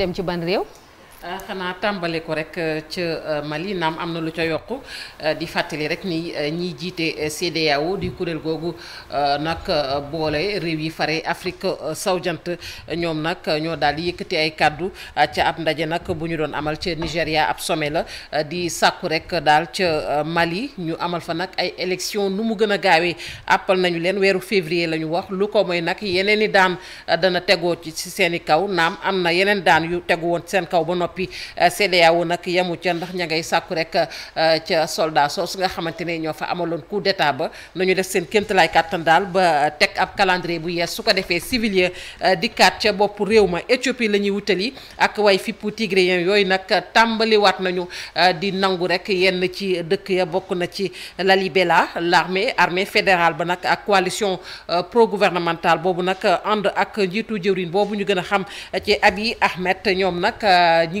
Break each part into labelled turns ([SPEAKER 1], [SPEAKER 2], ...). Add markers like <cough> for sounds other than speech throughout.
[SPEAKER 1] dem ci ban réew Euh, xanaa tàmbale ko rek euh, ca euh, Mali naam am na lu ca yokk di fàttali rek ni ñiy jiite CEDEAO di kuréel googu nag boole réew yi fare Afrique sawjant ñoom nag ñoo daal di yëkkati ay kàddu ca ab ndaje nag bu ñu doon amal ca Nigéria ab sommet la di sàkku rek daal ca Mali ñu amal fa nag ay élection nu mu gën a gaawee àppal nañu leen weeru février la ñu wax lu ko mooy nag yeneen i daan dana tegoo ci seeni kaw naam am na yeneen daan yu tegu woon seen kaw ba noppi noppi eh, CEDEAO nag yamu ca ndax ña ngay sàkku rek eh, ca soldat soosu nga xamante ne ñoo fa amaloon coup d'état ba nañu def seen kéemtalaay kàttan daal ba teg ab calendrier bu yees su ko defee civilier eh, dikkaat ca bopp réew ma Éthiopie la ñuy wutali ak way fippu tigrien yooyu nag tàmbaliwaat nañu di nangu rek yenn ci dëkk ya bokk na ci Lalibela l'armée armée fédérale ba nag ak coalition pro gouvernementale boobu nag ànd ak njiitu jëwriñ boobu ñu gën a xam ci Abiy Ahmed ñoom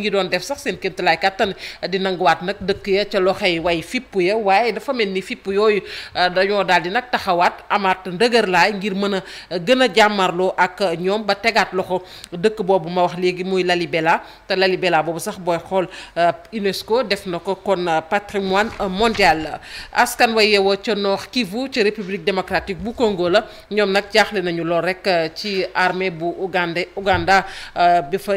[SPEAKER 1] ñi ngi doon def sax seen kéemtalaay kàttan di nanguwaat nag dëkk ya ca loxoy way fipp ya waaye dafa mel ni fipp yooyu euh, dañoo daal di nag taxawaat amaat ndëgër laay ngir mën a euh, gën a jàmmarloo ak ñoom ba tegaat loxo dëkk boobu ma wax léegi muy Lalibela te Lalibela boobu sax booy xool euh, UNESCO def na ko kon patrimoine mondial askan wa yeewoo ca Nord Kivu ca République démocratique bu Congo la ñoom nag jaaxle nañu lool rek ci armée bu Uganda Uganda bi fa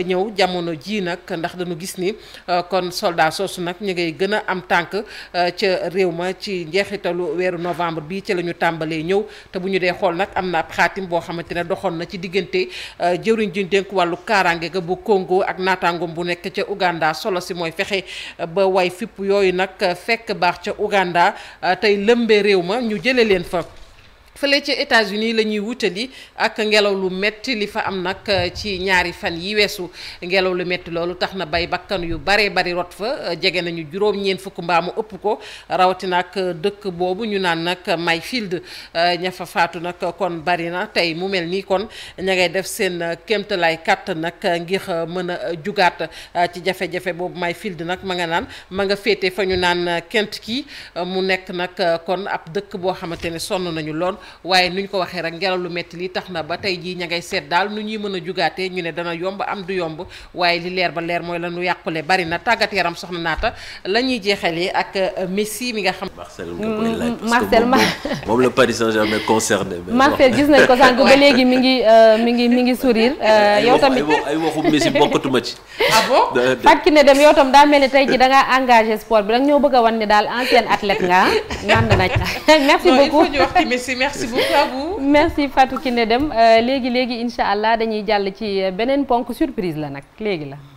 [SPEAKER 1] ndax dañu gis ni euh, kon soldat soosu nag ñu ngay gën a am tànk euh, ca réew ma ci njeexitalu weeru novembre bi ci la ñu tàmbalee ñëw te bu ñu dee xool nag am na xaatim boo xamante ne doxoon na ci diggante euh, jëriñ juñ dénk wàllu kaaraange bu kongo ak naataangoom bu nekk ca Uganda solo si mooy fexe ba way fipp yooyu nag fekk baax ca Uganda tey lëmbee réew ma ñu jëlee leen fa fële ci États-Unis la ñuy wutali ak ngelaw lu métti li fa am nag euh, ci ñaari fan yi weesu ngelaw lu métti loolu tax na bay bakkan yu baree bari rot fa euh, jege nañu juróom-ñeent fukk mbaamu ëpp ko rawatina ak euh, dëkk boobu ñu naan nag fild ña fa faatu nag kon bari na tey mu mel nii kon ña ngay def seen kéemtalaay kàtt nag ngir mën a jugaata ci jafe-jafe boobu Mayfield nag ma nga naan ma nga féete fa ñu naan kii mu nekk nag kon ab dëkk boo xamante ne sonn nañu lool. waaye nuñ ko waxee rek ngelaw lu métti li tax na ba tey jii ña ngay seet daal nu ñuy mën a jugaatee ñu ne dana yomb am du yomb waaye li leer ba leer mooy la nu yàqule bari na tàggat yaram soxna naata la ñuy jeexalee ak euh, Messi mi nga xam. Marcel mm, mm, moom la Paris Saint-Germain concerné. Marcel gis nañ ko sànq ba léegi mi ngi euh, mi ngi mi ngi sourire. Euh, yow tamit ay waxu Messi bokkatuma ci. ah bon ki ne Deme yow tam daa mel ni tey jii da ngaa engagé bi da ñëw bëgg a wan ne daal ancien athlète nga ah. ñànd nañ <laughs> merci beaucoup merci beaucoup ki ne dem Fatou euh, léegi léegi incha allah dañuy jàll ci euh, beneen ponk surprise la nag léegi la.